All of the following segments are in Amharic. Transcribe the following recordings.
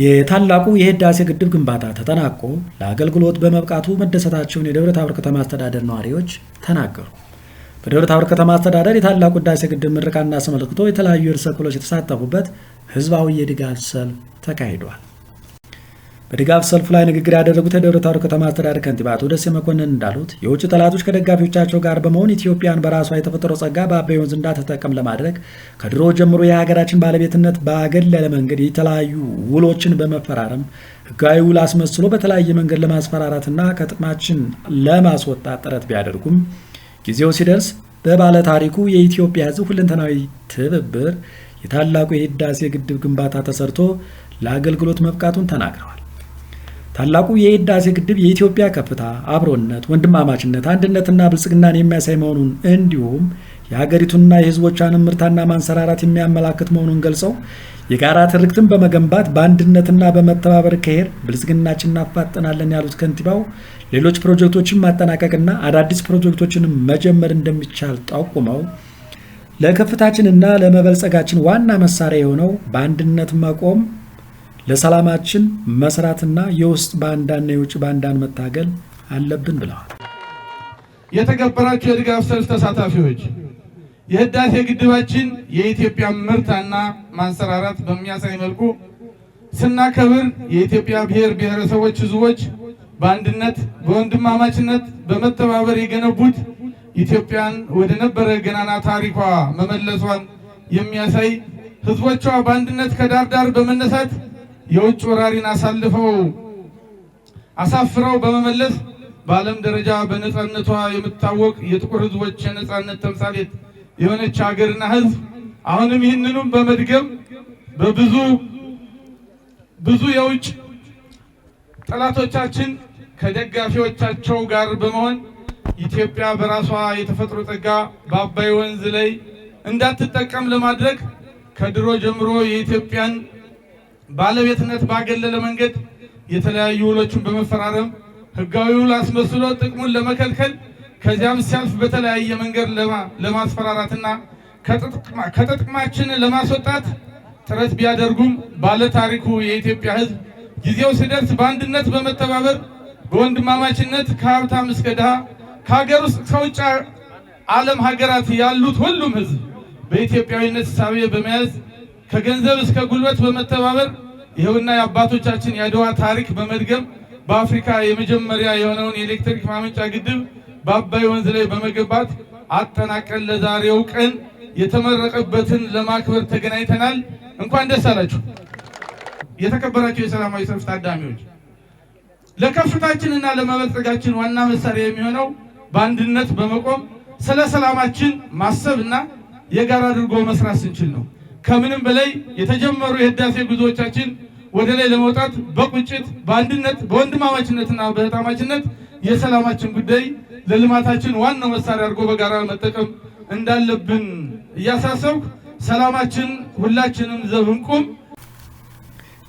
የታላቁ የህዳሴ ግድብ ግንባታ ተጠናቆ ለአገልግሎት በመብቃቱ መደሰታቸውን የደብረ ታቦር ከተማ አስተዳደር ነዋሪዎች ተናገሩ። በደብረ ታቦር ከተማ አስተዳደር የታላቁ ህዳሴ ግድብ ምረቃን አስመልክቶ የተለያዩ ርዕሰ ኩሎች የተሳተፉበት ህዝባዊ የድጋፍ ሰልፍ ተካሂዷል። በድጋፍ ሰልፉ ላይ ንግግር ያደረጉት የደብረ ታቦር ከተማ አስተዳደር ከንቲባ አቶ ደሴ መኮንን እንዳሉት የውጭ ጠላቶች ከደጋፊዎቻቸው ጋር በመሆን ኢትዮጵያን በራሷ የተፈጠረው ጸጋ በአባይ ወንዝ እንዳትጠቀም ለማድረግ ከድሮ ጀምሮ የሀገራችን ባለቤትነት ባገለለ መንገድ የተለያዩ ውሎችን በመፈራረም ህጋዊ ውል አስመስሎ በተለያየ መንገድ ለማስፈራራትና ከጥቅማችን ለማስወጣት ጥረት ቢያደርጉም ጊዜው ሲደርስ በባለ ታሪኩ የኢትዮጵያ ህዝብ ሁለንተናዊ ትብብር የታላቁ የህዳሴ ግድብ ግንባታ ተሰርቶ ለአገልግሎት መብቃቱን ተናግረዋል። ታላቁ የህዳሴ ግድብ የኢትዮጵያ ከፍታ፣ አብሮነት፣ ወንድማማችነት፣ አንድነትና ብልጽግናን የሚያሳይ መሆኑን እንዲሁም የሀገሪቱንና የህዝቦቿን ምርታና ማንሰራራት የሚያመላክት መሆኑን ገልጸው የጋራ ትርክትን በመገንባት በአንድነትና በመተባበር ከሄድ ብልጽግናችን እናፋጠናለን ያሉት ከንቲባው ሌሎች ፕሮጀክቶችን ማጠናቀቅና አዳዲስ ፕሮጀክቶችንም መጀመር እንደሚቻል ጠቁመው ለከፍታችንና ለመበልጸጋችን ዋና መሳሪያ የሆነው በአንድነት መቆም ለሰላማችን መስራትና የውስጥ ባንዳና የውጭ ባንዳን መታገል አለብን ብለዋል። የተከበራችሁ የድጋፍ ሰልፍ ተሳታፊዎች የህዳሴ ግድባችን የኢትዮጵያ ምርታና ማንሰራራት በሚያሳይ መልኩ ስናከብር የኢትዮጵያ ብሔር ብሔረሰቦች ህዝቦች በአንድነት በወንድማማችነት በመተባበር የገነቡት ኢትዮጵያን ወደ ነበረ ገናና ታሪኳ መመለሷን የሚያሳይ ህዝቦቿ በአንድነት ከዳር ዳር በመነሳት የውጭ ወራሪን አሳልፈው አሳፍረው በመመለስ በዓለም ደረጃ በነፃነቷ የምትታወቅ የጥቁር ሕዝቦች የነፃነት ተምሳሌት የሆነች ሀገርና ሕዝብ አሁንም ይህንኑም በመድገም በብዙ ብዙ የውጭ ጠላቶቻችን ከደጋፊዎቻቸው ጋር በመሆን ኢትዮጵያ በራሷ የተፈጥሮ ጸጋ በአባይ ወንዝ ላይ እንዳትጠቀም ለማድረግ ከድሮ ጀምሮ የኢትዮጵያን ባለቤትነት ባገለለ መንገድ የተለያዩ ውሎችን በመፈራረም ህጋዊ ውል አስመስሎ ጥቅሙን ለመከልከል ከዚያም ሲያልፍ በተለያየ መንገድ ለማስፈራራትና ከጥቅማችን ለማስወጣት ጥረት ቢያደርጉም ባለታሪኩ የኢትዮጵያ ህዝብ ጊዜው ሲደርስ በአንድነት በመተባበር በወንድማማችነት ከሀብታም እስከ ድሃ ከሀገር ውስጥ ከውጭ ዓለም ሀገራት ያሉት ሁሉም ህዝብ በኢትዮጵያዊነት ሳቤ በመያዝ ከገንዘብ እስከ ጉልበት በመተባበር ይኸውና የአባቶቻችን የአድዋ ታሪክ በመድገም በአፍሪካ የመጀመሪያ የሆነውን የኤሌክትሪክ ማመንጫ ግድብ በአባይ ወንዝ ላይ በመገንባት አጠናቀን ለዛሬው ቀን የተመረቀበትን ለማክበር ተገናኝተናል። እንኳን ደስ አላችሁ። የተከበራችሁ የሰላማዊ ሰልፍ ታዳሚዎች፣ ለከፍታችንና ለመበልጸጋችን ዋና መሳሪያ የሚሆነው በአንድነት በመቆም ስለ ሰላማችን ማሰብና የጋራ አድርጎ መስራት ስንችል ነው። ከምንም በላይ የተጀመሩ የህዳሴ ጉዞዎቻችን ወደ ላይ ለመውጣት በቁጭት በአንድነት በወንድማማችነትና በህጣማችነት የሰላማችን ጉዳይ ለልማታችን ዋናው መሳሪያ አድርጎ በጋራ መጠቀም እንዳለብን እያሳሰብኩ ሰላማችን ሁላችንም ዘብንቁም።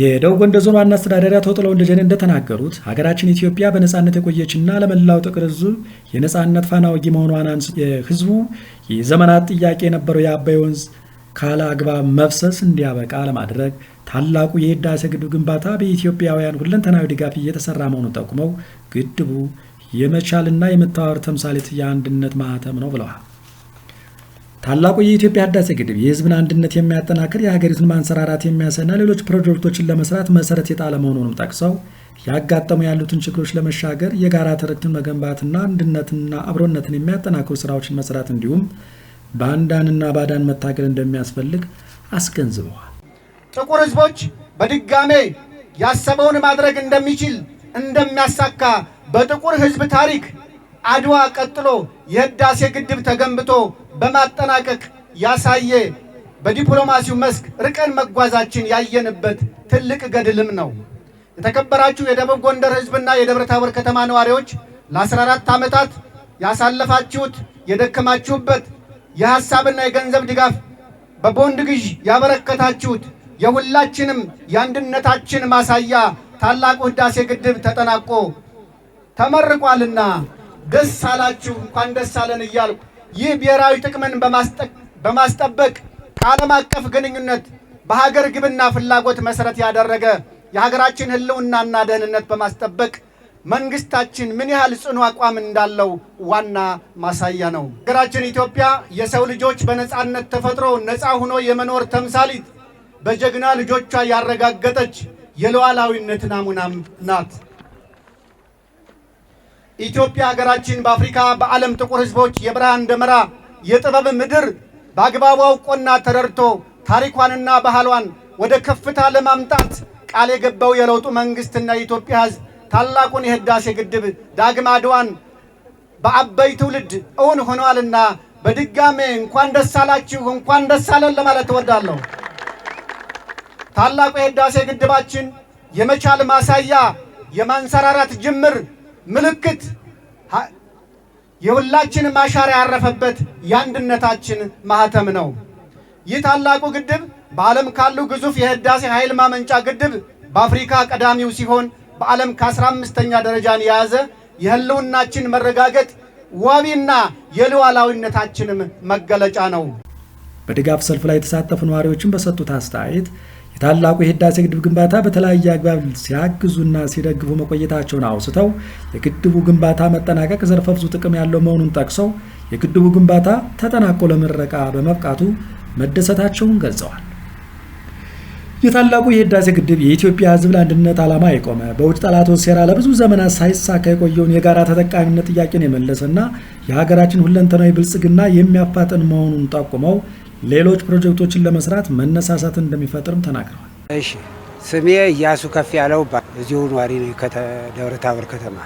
የደቡብ ጎንደር ዞን ዋና አስተዳዳሪ አቶ ጥላሁን ደጀኔ እንደተናገሩት ሀገራችን ኢትዮጵያ በነጻነት የቆየችና ለመላው ጥቁር ሕዝብ የነጻነት ፋና ወጊ መሆኗን ህዝቡ የዘመናት ጥያቄ የነበረው የአባይ ወንዝ ካለ አግባብ መፍሰስ እንዲያበቃ ለማድረግ ታላቁ የህዳሴ ግድብ ግንባታ በኢትዮጵያውያን ሁለንተናዊ ድጋፍ እየተሰራ መሆኑን ጠቁመው ግድቡ የመቻልና የመተዋወር ተምሳሌት የአንድነት ማህተም ነው ብለዋል። ታላቁ የኢትዮጵያ ህዳሴ ግድብ የህዝብን አንድነት የሚያጠናክር የሀገሪቱን ማንሰራራት የሚያሳይና ሌሎች ፕሮጀክቶችን ለመስራት መሰረት የጣለ መሆኑንም ጠቅሰው ያጋጠሙ ያሉትን ችግሮች ለመሻገር የጋራ ትርክትን መገንባትና አንድነትና አብሮነትን የሚያጠናክሩ ስራዎችን መስራት እንዲሁም በአንዳንና ባዳን መታገል እንደሚያስፈልግ አስገንዝበዋል። ጥቁር ህዝቦች በድጋሜ ያሰበውን ማድረግ እንደሚችል እንደሚያሳካ በጥቁር ህዝብ ታሪክ አድዋ ቀጥሎ የህዳሴ ግድብ ተገንብቶ በማጠናቀቅ ያሳየ በዲፕሎማሲው መስክ ርቀን መጓዛችን ያየንበት ትልቅ ገድልም ነው። የተከበራችሁ የደቡብ ጎንደር ህዝብና የደብረ ታቦር ከተማ ነዋሪዎች ለ14 ዓመታት ያሳለፋችሁት የደከማችሁበት የሀሳብና የገንዘብ ድጋፍ በቦንድ ግዥ ያበረከታችሁት የሁላችንም የአንድነታችን ማሳያ ታላቁ ህዳሴ ግድብ ተጠናቆ ተመርቋልና ደስ አላችሁ፣ እንኳን ደስ አለን እያልኩ ይህ ብሔራዊ ጥቅምን በማስጠበቅ ከዓለም አቀፍ ግንኙነት በሀገር ግብና ፍላጎት መሰረት ያደረገ የሀገራችን ህልውናና ደህንነት በማስጠበቅ መንግስታችን ምን ያህል ጽኑ አቋም እንዳለው ዋና ማሳያ ነው። ሀገራችን ኢትዮጵያ የሰው ልጆች በነፃነት ተፈጥሮ ነፃ ሆኖ የመኖር ተምሳሊት በጀግና ልጆቿ ያረጋገጠች የሉዓላዊነት ናሙናም ናት። ኢትዮጵያ ሀገራችን በአፍሪካ በዓለም ጥቁር ሕዝቦች የብርሃን ደመራ የጥበብ ምድር በአግባቡ አውቆና ተረድቶ ታሪኳንና ባህሏን ወደ ከፍታ ለማምጣት ቃል የገባው የለውጡ መንግስትና የኢትዮጵያ ህዝብ ታላቁን የህዳሴ ግድብ ዳግም አድዋን በአበይ ትውልድ እውን ሆኗልና በድጋሜ እንኳን ደስ አላችሁ፣ እንኳን ደስ አለን ለማለት እወዳለሁ። ታላቁ የህዳሴ ግድባችን የመቻል ማሳያ፣ የማንሰራራት ጅምር ምልክት፣ የሁላችንም ማሻር ያረፈበት የአንድነታችን ማህተም ነው። ይህ ታላቁ ግድብ በዓለም ካሉ ግዙፍ የህዳሴ ኃይል ማመንጫ ግድብ በአፍሪካ ቀዳሚው ሲሆን በዓለም ከ15ኛ ደረጃን የያዘ የህልውናችን መረጋገጥ ዋቢና የሉዓላዊነታችንም መገለጫ ነው። በድጋፍ ሰልፍ ላይ የተሳተፉ ነዋሪዎችን በሰጡት አስተያየት የታላቁ የህዳሴ ግድብ ግንባታ በተለያየ አግባብ ሲያግዙና ሲደግፉ መቆየታቸውን አውስተው የግድቡ ግንባታ መጠናቀቅ ዘርፈ ብዙ ጥቅም ያለው መሆኑን ጠቅሰው የግድቡ ግንባታ ተጠናቆ ለምረቃ በመብቃቱ መደሰታቸውን ገልጸዋል። የታላቁ የህዳሴ ግድብ የኢትዮጵያ ህዝብ ለአንድነት ዓላማ የቆመ በውጭ ጠላቶች ሴራ ለብዙ ዘመናት ሳይሳካ የቆየውን የጋራ ተጠቃሚነት ጥያቄን የመለሰና የሀገራችን ሁለንተናዊ ብልጽግና የሚያፋጥን መሆኑን ጠቁመው ሌሎች ፕሮጀክቶችን ለመስራት መነሳሳትን እንደሚፈጥርም ተናግረዋል። እሺ፣ ስሜ እያሱ ከፍ ያለው እዚሁ ኗሪ ነው፣ ታቦር ከተማ።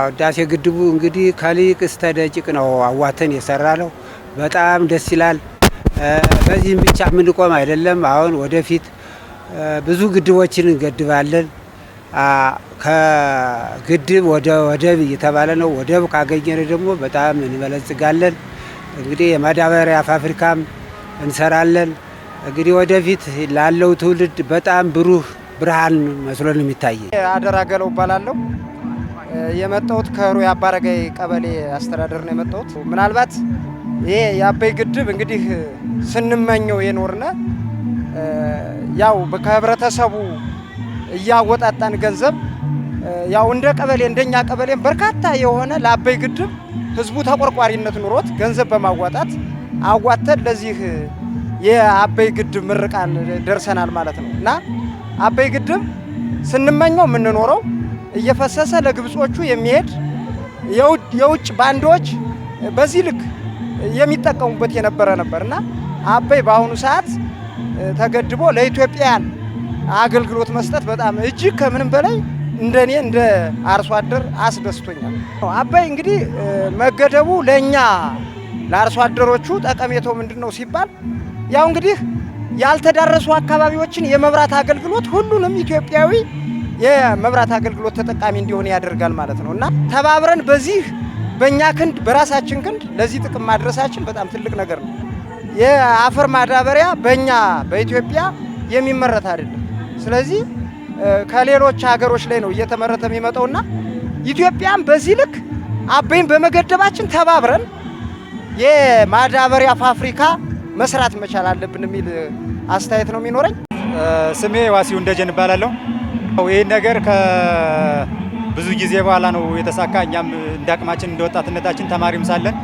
ህዳሴ ግድቡ እንግዲህ ከሊቅ እስከ ደቂቅ ነው አዋተን የሰራ ነው። በጣም ደስ ይላል። በዚህም ብቻ የምንቆም አይደለም። አሁን ወደፊት ብዙ ግድቦችን እንገድባለን። ከግድብ ወደ ወደብ እየተባለ ነው። ወደብ ካገኘን ደግሞ በጣም እንበለጽጋለን። እንግዲህ የማዳበሪያ ፋብሪካም እንሰራለን። እንግዲህ ወደፊት ላለው ትውልድ በጣም ብሩህ ብርሃን መስሎ ነው የሚታይ። አደራ ገለው እባላለሁ። የመጣሁት ከሩ አባረጋይ ቀበሌ አስተዳደር ነው የመጣሁት። ምናልባት ይሄ የአበይ ግድብ እንግዲህ ስንመኘው የኖርነ ያው ከህብረተሰቡ እያወጣጣን ገንዘብ ያው እንደ ቀበሌ እንደኛ ቀበሌም በርካታ የሆነ ለአበይ ግድብ ህዝቡ ተቆርቋሪነት ኑሮት ገንዘብ በማዋጣት አዋተን ለዚህ የአበይ ግድብ ምርቃን ደርሰናል ማለት ነው እና አበይ ግድብ ስንመኘው የምንኖረው እየፈሰሰ ለግብጾቹ የሚሄድ የውጭ ባንዶች በዚህ ልክ የሚጠቀሙበት የነበረ ነበር እና አበይ በአሁኑ ሰዓት ተገድቦ ለኢትዮጵያን አገልግሎት መስጠት በጣም እጅግ ከምንም በላይ እንደኔ እንደ አርሶ አደር አስደስቶኛል። አባይ እንግዲህ መገደቡ ለእኛ ለአርሶ አደሮቹ ጠቀሜታው ምንድን ነው ሲባል ያው እንግዲህ ያልተዳረሱ አካባቢዎችን የመብራት አገልግሎት ሁሉንም ኢትዮጵያዊ የመብራት አገልግሎት ተጠቃሚ እንዲሆን ያደርጋል ማለት ነው እና ተባብረን በዚህ በእኛ ክንድ በራሳችን ክንድ ለዚህ ጥቅም ማድረሳችን በጣም ትልቅ ነገር ነው። የአፈር ማዳበሪያ በእኛ በኢትዮጵያ የሚመረት አይደለም። ስለዚህ ከሌሎች ሀገሮች ላይ ነው እየተመረተ የሚመጣውና ኢትዮጵያን በዚህ ልክ አበይን በመገደባችን ተባብረን የማዳበሪያ ፋብሪካ መስራት መቻል አለብን የሚል አስተያየት ነው የሚኖረኝ። ስሜ ዋሲው እንደጀን እባላለሁ። ይህን ነገር ከብዙ ጊዜ በኋላ ነው የተሳካ። እኛም አቅማችን እንደ ወጣትነታችን ተማሪም ሳለን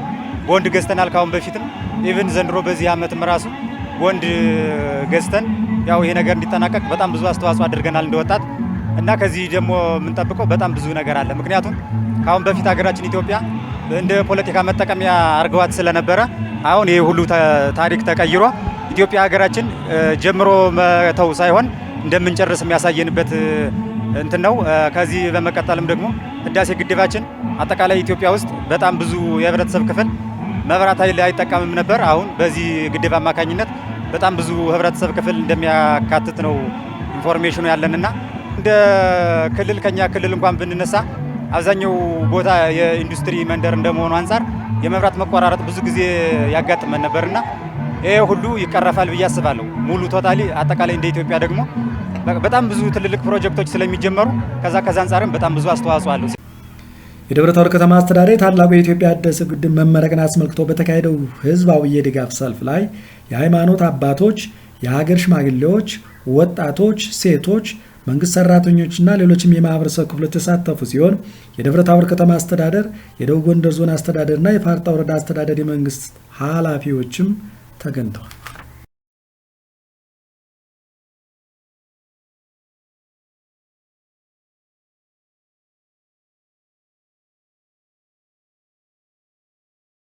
ቦንድ ገዝተናል ካሁን በፊትም ኢቭን ዘንድሮ በዚህ አመት ራሱ ወንድ ገዝተን ያው ይሄ ነገር እንዲጠናቀቅ በጣም ብዙ አስተዋጽኦ አድርገናል እንደወጣት እና ከዚህ ደግሞ የምንጠብቀው በጣም ብዙ ነገር አለ። ምክንያቱም ካሁን በፊት ሀገራችን ኢትዮጵያ እንደ ፖለቲካ መጠቀሚያ አርገዋት ስለነበረ አሁን ይህ ሁሉ ታሪክ ተቀይሮ ኢትዮጵያ ሀገራችን ጀምሮ መተው ሳይሆን እንደምንጨርስ የሚያሳየንበት እንትን ነው። ከዚህ በመቀጠልም ደግሞ ህዳሴ ግድባችን አጠቃላይ ኢትዮጵያ ውስጥ በጣም ብዙ የህብረተሰብ ክፍል መብራት ኃይል አይጠቀምም ነበር። አሁን በዚህ ግድብ አማካኝነት በጣም ብዙ ህብረተሰብ ክፍል እንደሚያካትት ነው ኢንፎርሜሽኑ ያለንና እንደ ክልል ከኛ ክልል እንኳን ብንነሳ አብዛኛው ቦታ የኢንዱስትሪ መንደር እንደመሆኑ አንጻር የመብራት መቆራረጥ ብዙ ጊዜ ያጋጥመን ነበርና ይሄ ሁሉ ይቀረፋል ብዬ አስባለሁ። ሙሉ ቶታሊ አጠቃላይ እንደ ኢትዮጵያ ደግሞ በጣም ብዙ ትልልቅ ፕሮጀክቶች ስለሚጀመሩ ከዛ ከዛ አንጻርም በጣም ብዙ አስተዋጽኦ አለው። የደብረ ታቦር ከተማ አስተዳደር ታላቁ የኢትዮጵያ ህዳሴ ግድብ መመረቅን አስመልክቶ በተካሄደው ህዝባዊ የድጋፍ ሰልፍ ላይ የሃይማኖት አባቶች፣ የሀገር ሽማግሌዎች፣ ወጣቶች፣ ሴቶች፣ መንግስት ሰራተኞችና ሌሎችም የማህበረሰብ ክፍሎች የተሳተፉ ሲሆን የደብረ ታቦር ከተማ አስተዳደር፣ የደቡብ ጎንደር ዞን አስተዳደርና የፋርጣ ወረዳ አስተዳደር የመንግስት ኃላፊዎችም ተገኝተዋል።